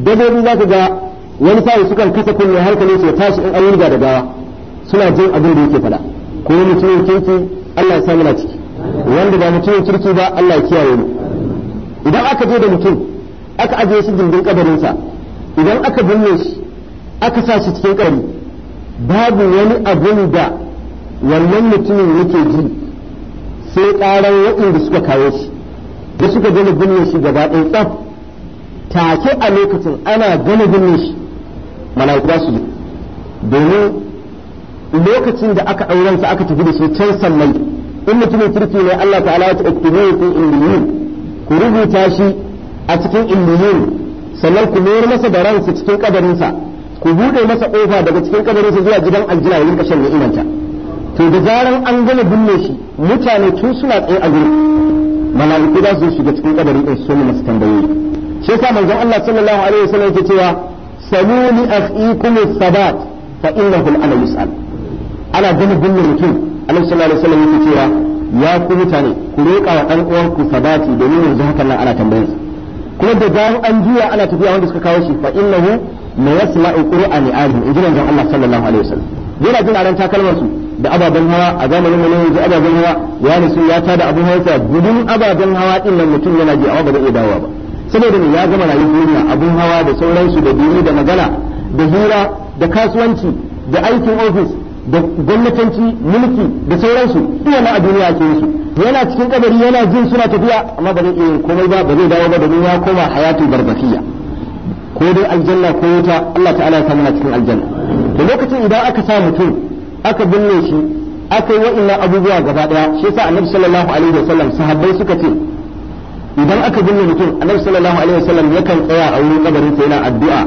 dabbobi za ka ga wani sa'i sukan kasa kunne hankali su tashi in an yi da gawa suna jin abin da yake faɗa ko mutumin turki Allah ya samu laci wanda ba mutumin kirki ba Allah ya kiyaye mu idan aka je da mutum aka ajiye shi gindin kabarinsa idan aka binne shi aka sa shi cikin kabari babu wani abun da wannan mutumin yake ji sai ƙaran waɗanda suka kawo shi da suka gani binne shi gaba ɗaya tsaf take a lokacin ana gani binne shi mala'iku za su domin lokacin da aka auren aka tafi da shi can sammai in mutumin kirki ne Allah ta'ala ya ta'aktubu fi illiyin ku rubuta shi a cikin illiyin sannan ku mayar masa da ransa cikin kadarinsa ku bude masa kofa daga cikin kabarinsa zuwa gidan aljina ya rinka shan ni'imanta to da zaran an gama binne shi mutane tun suna tsaye a gurin mala'iku za su shiga cikin kabarin ɗin su masu tambayoyi shi yasa manzon Allah sallallahu alaihi wasallam yake cewa saluni akhikum as-sabat fa innahu al yus'al ana gama binne mutum Allah sallallahu alaihi wasallam yake cewa ya ku mutane ku roƙa wa ɗan uwanku sabati domin yanzu hakan nan ana tambayarsa kuma da zaran an juya ana tafiya wanda suka kawo shi fa innahu ma yasma'u qur'an azim in jiran Allah sallallahu alaihi wasallam yana jin aran takalmar su da ababen hawa a zamanin mu ne ababen hawa ya sun ya tada abun hawa gudun ababen hawa din nan mutum yana ji awa ba zai iya dawowa ba saboda ne ya gama rayuwar duniya abun hawa da sauransu da dini da magana da hira da kasuwanci da aikin ofis da gwamnatanci mulki da sauransu ina a duniya ke su yana cikin kabari yana jin suna tafiya amma ba zai iya komai ba ba zai dawo ba domin ya koma hayatu barbakiya ko dai aljanna ko wuta Allah ta'ala ya samu cikin aljanna to lokacin idan aka sa mutum aka binne shi aka yi wa'annan abubuwa gaba daya shi yasa annabi sallallahu alaihi wasallam sahabbai suka ce idan aka binne mutum annabi sallallahu alaihi wasallam yakan tsaya a wurin kabarin sa yana addu'a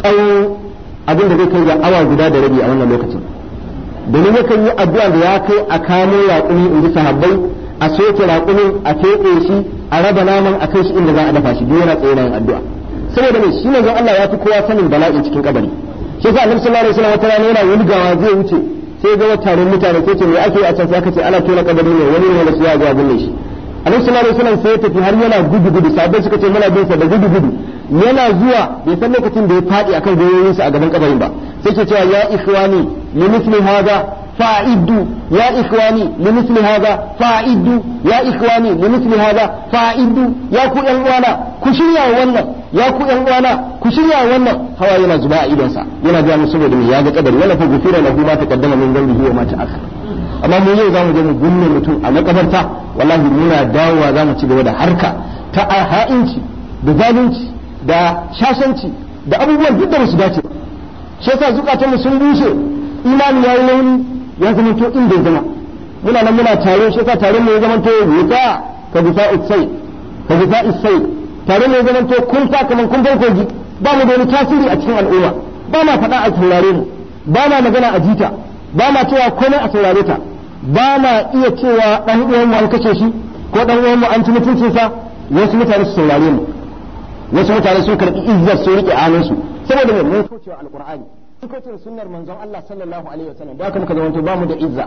tsawo abin da zai kai ga awa guda da rabi a wannan lokacin domin yakan yi addu'a da ya kai a kamo raƙumi in ji sahabbai a soke raƙumin a feƙe shi a raba naman a kai shi inda za a dafa shi duk yana tsaye yin addu'a saboda mai shi manzon Allah ya fi kowa sanin bala'i cikin kabari shi yasa annabi sallallahu alaihi wasallam wata rana yana wulgawa zai wuce sai ga taron mutane ko ce me ake a can sai aka ce ana tona kabari ne wani ne da su ya ga gunne shi annabi sallallahu alaihi wasallam sai ya tafi har yana gudu gudu sabai suka ce muna bin sa da gudu gudu yana zuwa bai san lokacin da ya fadi akan goyoyin sa a gaban kabarin ba sai ke cewa ya ikhwani li mithli haza fa'iddu ya ikhwani li mithli haza fa'iddu ya ikhwani li mithli haza fa'iddu ya ku yan uwana ku shirya wannan ya ku yan uwana ku shirya wannan hawa yana zuba a idonsa yana ga mu saboda mu ya ga kadari wala fa gufira lahu ma taqaddama min dhanbihi wa mata ta'akhkhara amma mu yau zamu je mu gunne mutum a makabarta wallahi muna dawowa zamu ci gaba da harka ta ha'inci da zalunci da shashanci da abubuwan duk da su dace shi yasa mu sun bushe imani ya yi launi ya zama to inda ya zama muna nan muna tare shi yasa tare mu ya zama to wuta ka gusa isai ka bisa tare mai zaman to kun sa kaman kun bar kogi ba mu da wani tasiri a cikin al'umma ba ma faɗa a saurare mu ba ma magana a jita ba ma cewa komai a saurare ta ba ma iya cewa ɗan uwan mu an kashe shi ko ɗan uwan mu an ci sa wasu mutane su saurare mu wasu mutane sun karɓi izzar su riƙe anan su saboda mai mun kaucewa alqur'ani sun kaucewa sunnar manzon Allah sallallahu alaihi wasallam da kuma kaza wanto ba mu da izza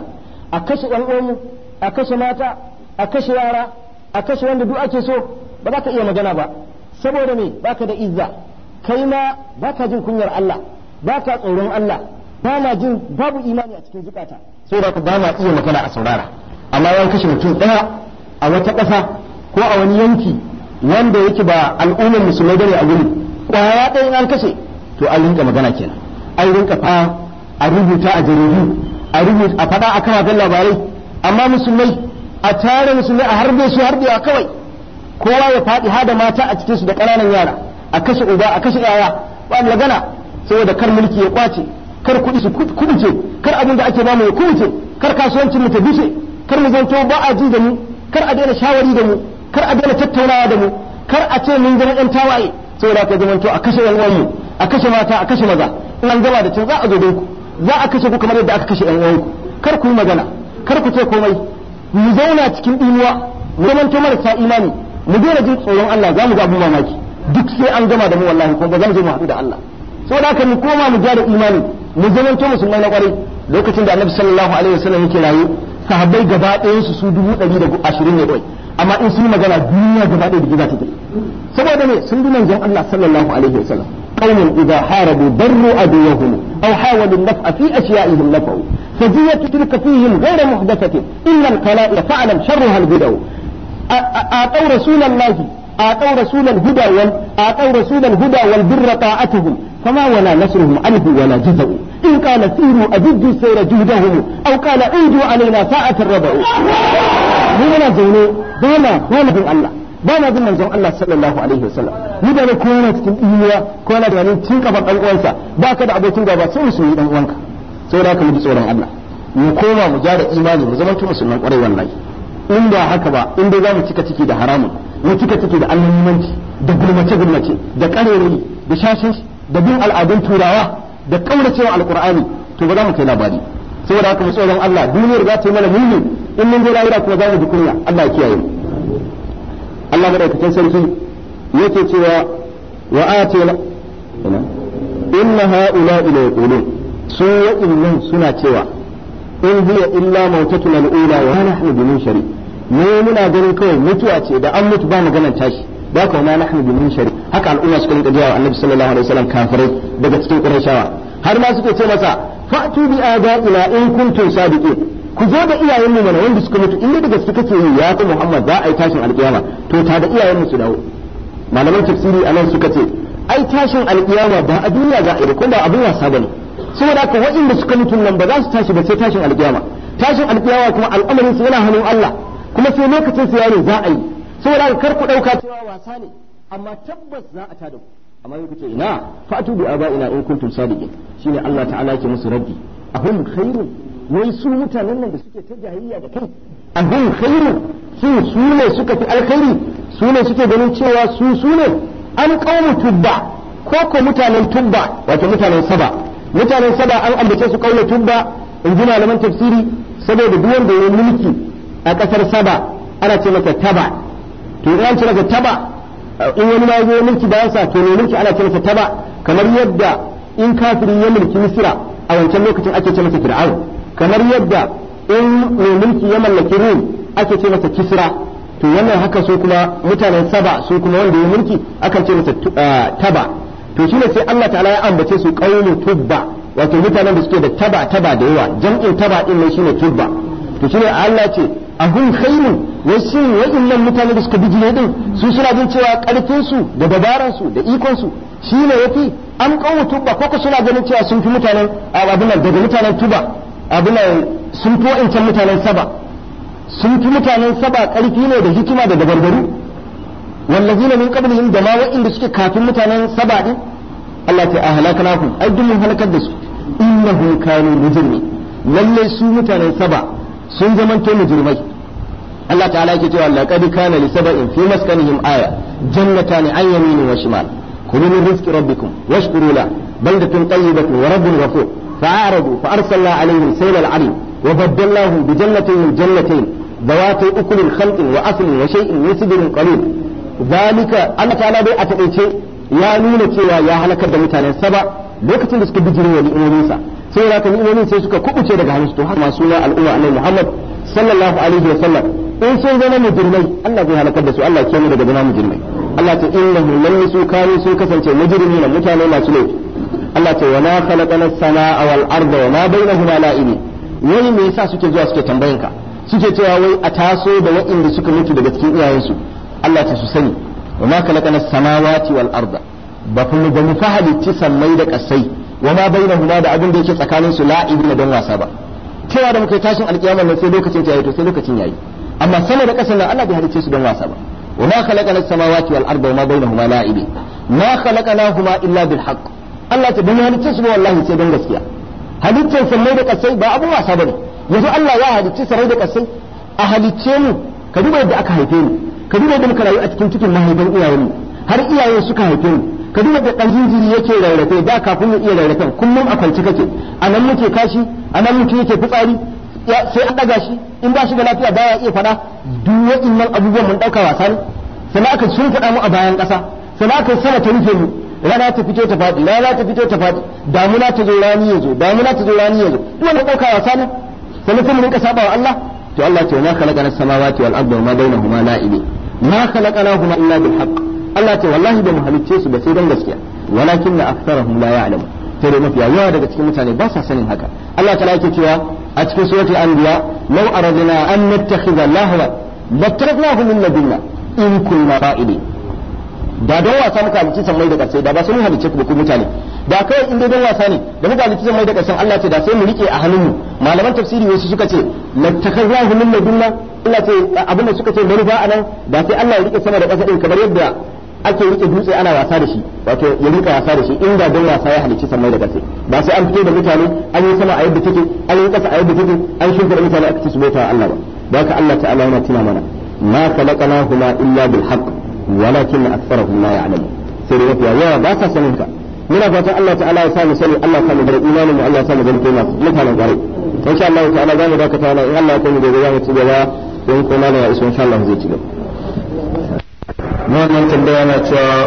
a kashe ɗan uwan mu a kashe mata a kashe yara a kashe wanda duk ake so ba za ka iya magana ba saboda me baka da izza kai ma baka jin kunyar Allah baka tsoron Allah ba na jin babu imani a cikin zukata da ku ba na iya magana a saurara amma yan kashe mutum daya a wata ƙasa ko a wani yanki wanda yake ba al'ummar musulmai bane a guri kwaya ɗayan an kashe to an rinka magana kenan an rinka fa a rubuta a jaridu a rubuta a faɗa a kafafen labarai amma musulmai a tare musulmai a harbe su harbe a kawai kowa ya faɗi hada mata a cikinsu da ƙananan yara a kashe uba a kashe yaya ba magana saboda kar mulki ya kwace kar kuɗi su kubuce kar abin da ake bamu ya kubuce kar kasuwancin mu ta bushe kar mu zanto ba a ji da mu kar a daina shawari da mu kar a daina tattaunawa da mu kar a ce mun zama ɗan tawaye saboda ka zamanto a kashe ƴan uwanmu a kashe mata a kashe maza in an gama da can za a zo ku za a kashe ku kamar yadda aka kashe ƴan uwanku kar ku yi magana kar ku ce komai mu zauna cikin ɗinuwa mu zamanto marasa imani mu daina jin tsoron Allah za mu ga abun mamaki duk sai an gama da mu wallahi kuma ba za mu je mu haɗu da Allah saboda haka mu koma mu gyara imani mu zamanto musulmai na kwarai lokacin da annabi sallallahu alaihi wasallam yake rayu sahabbai gaba ɗayan su su dubu ɗari da ashirin ne kawai amma in sun magana duniya gaba ɗaya da gida ta saboda ne sun bi manzon Allah sallallahu alaihi wasallam قوم إذا حاربوا بروا أبيهم أو حاولوا النفع في أشيائهم نفعوا فدية تلك فيهم غير محدثة إلا القلائل فاعلم شرها البدو A atau rasulallahi atau rasulal huda wal atau rasulal huda wal birra ta'atuhum fama wala mu anhu wala jaza'u in qala siru ajiddu au juhdahum aw qala unju alaina sa'atan rabu mu muna zaune ba na bin Allah ba na bin manzon Allah sallallahu alaihi wa sallam wasallam da ko yana cikin duniya ko yana da wani cin kafa dan uwansa ba ka da abokin gaba sai su yi ɗan uwanka sai haka ka ji tsoron Allah mu koma mu ja da imani mu zama musulman ƙwarewar wallahi in ba haka ba in dai za mu cika ciki da haramun mu cika ciki da annabimanci da gulmace gulmace da karerori da shashin da bin al'adun turawa da kauracewa alkur'ani to ba za mu kai labari saboda haka mu tsoron Allah duniyar za ta yi mana muni in mun je lahira kuma za mu ji kunya Allah ya kiyaye Allah madaukakin sarki yake cewa wa atina inna ha'ula ila yaqulun su nan suna cewa in hiya illa mautatuna al-ula wa nahnu bi munshari ne muna ganin kawai mutuwa ce da an mutu ba maganar tashi da ka ma nahnu bi shari haka al'umma suka rinka jiya annabi sallallahu alaihi wasallam kafirai daga cikin qurayshawa har ma suka ce masa fa'tu bi adaina in kuntum sadiqin ku zo da iyayen mu mana wanda suka mutu inda da gaske kake yi ya ku Muhammad za a yi tashin alkiyama to ta da iyayen mu su dawo malaman tafsiri anan suka ce ai tashin alkiyama ba a duniya za a yi ko ba abin wasa bane saboda haka waɗanda suka mutu nan ba za su tashi ba sai tashin alkiyama tashin alkiyama kuma al'amarin su yana hannun Allah kuma sai lokacin su yare za a yi saboda kar ku dauka cewa wasa ne amma tabbas za a ta da amma yau kuce ina fatu bi aba'ina in kuntum sadiqin shine Allah ta'ala ke musu rabbi. ahum khairun wai su mutanen nan da suke ta jahiliya da kai ahum khairun su su ne suka fi alkhairi su ne suke ganin cewa su su ne an qaumu tubba ko ko mutanen tubba wato mutanen saba mutanen saba an ambace su kaula tubba in ji malaman tafsiri saboda duk wanda ya mulki a kasar saba ana ce masa taba to in an ce masa taba uh, in wani ma zo mulki bayan sa to ne mulki ana ce masa taba kamar yadda in kafiri ya mulki misira a wancan lokacin ake ce masa fir'aun kamar yadda in mai mulki ya mallaki rum ake ce masa kisra to wannan haka su kuma mutanen saba su kuma wanda ya mulki akan ce masa uh, taba to shine sai Allah ta'ala ya ambace su qaumu tubba wato mutanen da suke da taba taba da yawa jam'in taba din ne shine tubba to shine Allah ce a gun khairu wai shi waɗannan mutane da suka bijire din su suna jin cewa ƙarfin su da dabaran su da ikon su shine yafi an kawo tuba ko ko suna ganin cewa sun fi mutanen abin nan daga mutanen tuba abin nan sun fi wa'incan mutanen saba sun fi mutanen saba ƙarfi ne da hikima da dabarbaru wallazina min qablihim da ma waɗanda suke kafin mutanen saba din Allah ta ahlakanakum ai dun mun halakar da su innahum kanu mujrimin lalle su mutanen saba sun zamanto jirmai. Allah ta'ala ake cewa laqad kana li sab'in fi maskanihim aya jannatan an yamin wa shimal kulu min rizqi rabbikum washkuru la baldatun tayyibatun wa rabbun ghafur fa'aradu fa arsalna alayhim saylal 'arim wa baddalnahum bi jannatin jannatin dawati ukulil khalqin wa aslin wa shay'in min sidrin qalil zalika Allah ta'ala bai a taƙaice ya nuna cewa ya halakar da mutanen saba lokacin da suka bijiri wa ni'imomin sai da ni'imomin sai suka kubuce daga hannu to haka masu na al'umma annabi Muhammad sallallahu alaihi wa sallam in sun zama mujrimai Allah zai halakar da su Allah ya kiyaye daga zama mujrimai Allah ta innahu lam su kanu sun kasance mujrimi na mutane masu laifi Allah ta wa ma khalaqana samaa wal arda wa ma bainahuma la'ibi wani me yasa suke zuwa suke tambayan ka suke cewa wai a taso da waɗanda suka mutu daga cikin iyayensu Allah ta su sani wa ma khalaqana samawati wal arda ba fa mu ba mu fahimci sammai da kasai wa ma bainahuma da abin da yake tsakanin su la'ibuna don wasa ba cewa da muka tashin alkiyama nan sai lokacin ta yayi to sai lokacin yayi amma sama da kasan nan Allah bai halice su don wasa ba wa ma khalaqana as-samawati wal arda wa ma bainahuma la'ibi ma khalaqnahuma illa bil haqq Allah ta bin halice su wallahi sai don gaskiya halittar sammai da kasai ba abun wasa bane yanzu Allah ya halicci sai da kasai a halicce mu ka duba yadda aka haife mu ka duba yadda muka rayu a cikin cikin mahaifin iyayen mu har iyayen suka haife mu ka duba da ɗan jinjiri yake rarrafe da kafin ya iya rarrafen kullum a kwanci kake a nan muke kashi a nan muke yake fitsari sai an daga shi in ba shi da lafiya baya iya faɗa duk waɗannan abubuwan mun ɗauka wasa ne sannan aka sun fada mu a bayan kasa. sannan aka sama ta rufe mu rana ta fito ta faɗi rana ta fito ta faɗi damuna ta zo rani ya zo damuna ta zo rani ya zo duk wanda ɗauka wasa ne sannan kuma rinka saba wa Allah to Allah ce ma khalaqa as-samawati wal arda wa ma bainahuma la'ibi ma khalaqnahuma illa bil haqq Allah ce wallahi ba mu halicce su ba sai dan gaskiya walakin na aktharahum la ya'lamu sai dai mafiya yawa daga cikin mutane ba sa sanin haka Allah ta yake cewa a cikin suratul anbiya law aradna an nattakhidha lahwa lattaknahu min ladunna in kunna fa'ili da don wasa muka san mai da ƙarsai da ba sun halicce ku mutane da kai in dai don wasa ne da muka san mai da ƙarshen Allah ce da sai mu rike a hannunmu malaman tafsiri wasu suka ce lattaknahu min ladunna Allah ce abinda suka ce bari ba anan da sai Allah ya rike sama da ƙasa din kamar yadda ake rike dutse ana wasa da shi wato ya rika wasa da shi inda don wasa ya halicci sammai da ƙasa ba sai an fito da mutane an yi sama a yadda take an yi kasa a yadda take an shimfiɗa mutane aka ci su bauta Allah ba da haka Allah ta'ala yana tuna mana ma khalaqnahuma illa bil haqq walakin aktharuhum la ya'lamun sai da yawa yawa ba sa sanin ka muna fatan Allah ta'ala ya sa mu sani Allah ta mu bar imanin mu Allah ya sa kai zama masu mutanen gari insha Allah ta'ala za mu dakata nan in Allah ya kai mu gobe za mu ci gaba don kuma na ya iso insha Allah zai ci gaba wannan tambaya na cewa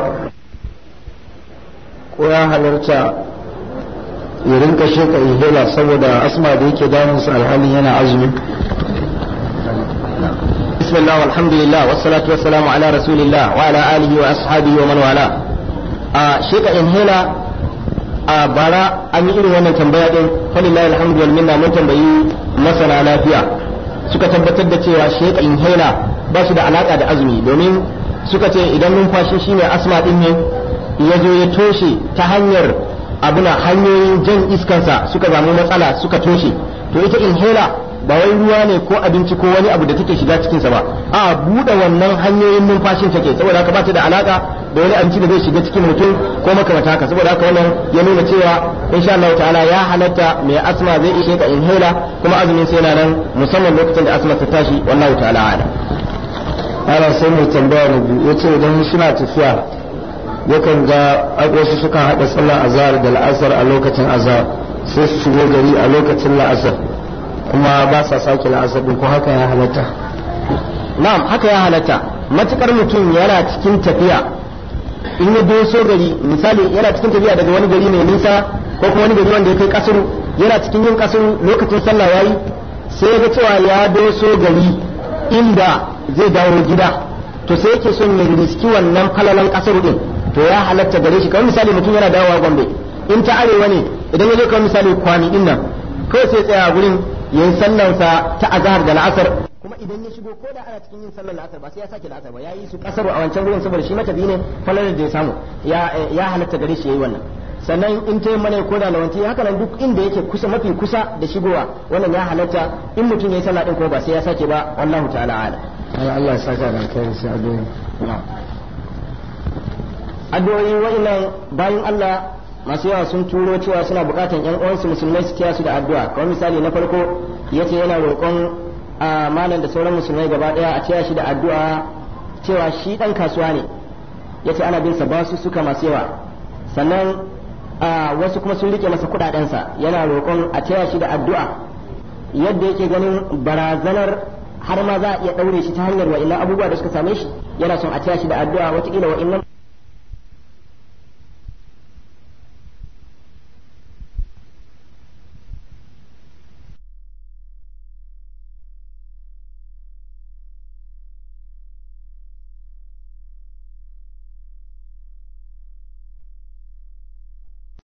ko ya halarta ya rinka sheka ihela saboda asma da yake su alhalin yana azumi بسم الله والحمد لله والصلاة والسلام على رسول الله وعلى آله وأصحابه ومن والاه شيك إنهلا bara an yi irin wannan tambaya din falillahi alhamdu wal mun tambayi masana lafiya suka tabbatar da cewa sheka inhela ba su da alaka da azumi domin suka ce idan numfashi shi ne asma din ne ya zo ya toshe ta hanyar abuna hanyoyin jan iskansa suka samu matsala suka toshe to ita inhaler ba wai ruwa ne ko abinci ko wani abu da take shiga cikinsa ba a buɗe wannan hanyoyin numfashin take saboda haka ba ta da alaka da wani abinci da zai shiga cikin mutum ko makamata haka saboda haka wannan ya nuna cewa insha Allah ta'ala ya halatta mai asma zai ishe ka hela kuma azumin sai na nan musamman lokacin da asma ta tashi wallahi ta'ala ana sai mai tambaya na biyu ya ce idan suna tafiya yakan ga wasu suka haɗa sallar azhar da la'asar a lokacin azhar sai su shigo gari a lokacin la'asar kuma ba sa sake la'asar ko haka ya halatta na'am haka ya halatta matukar mutum yana cikin tafiya in ya doso gari misali yana cikin tafiya daga wani gari mai nisa ko kuma wani gari wanda ya kai kasuru yana cikin yin kasuru lokacin sallah yayi sai ya ga cewa ya doso gari inda zai dawo gida to sai yake son ya riski wannan falalan kasar din to ya halatta gare shi kamar misali mutum yana dawowa Gombe in ta arewa ne idan ya zo kamar misali kwani din nan kawai sai tsaya gurin yayin sallansa ta azhar da la'asar kuma idan ya shigo ko da ana cikin yin sallar la'asar ba sai ya sake la'asar ba yayi su kasar a wancan gurin saboda shi matafi ne falalar da ya samu ya ya halatta gare shi yayi wannan sannan in ta mana ko da lawanci haka nan duk inda yake kusa mafi kusa da shigowa wannan ya halatta in mutum yi sallah din ko ba sai ya sake ba wallahu ta'ala ala Allah ya saka da kai sai addu'a addu'o'i wa'annan bayan Allah masu yawa sun turo cewa suna bukatan yan uwansu musulmai su kiyasu da addu'a kamar misali na farko yace yana roƙon a malam da sauran musulmai gaba daya a cewa shi da addu'a cewa shi dan kasuwa ne yace ana bin sa basu suka masu yawa sannan wasu kuma sun rike masa kudadensa yana roƙon a taya shi da addu'a yadda yake ganin barazanar har ma za a iya ɗaure shi ta hanyar wa'annan abubuwa da suka same shi yana son a taya shi da addu'a wa'in wa'annan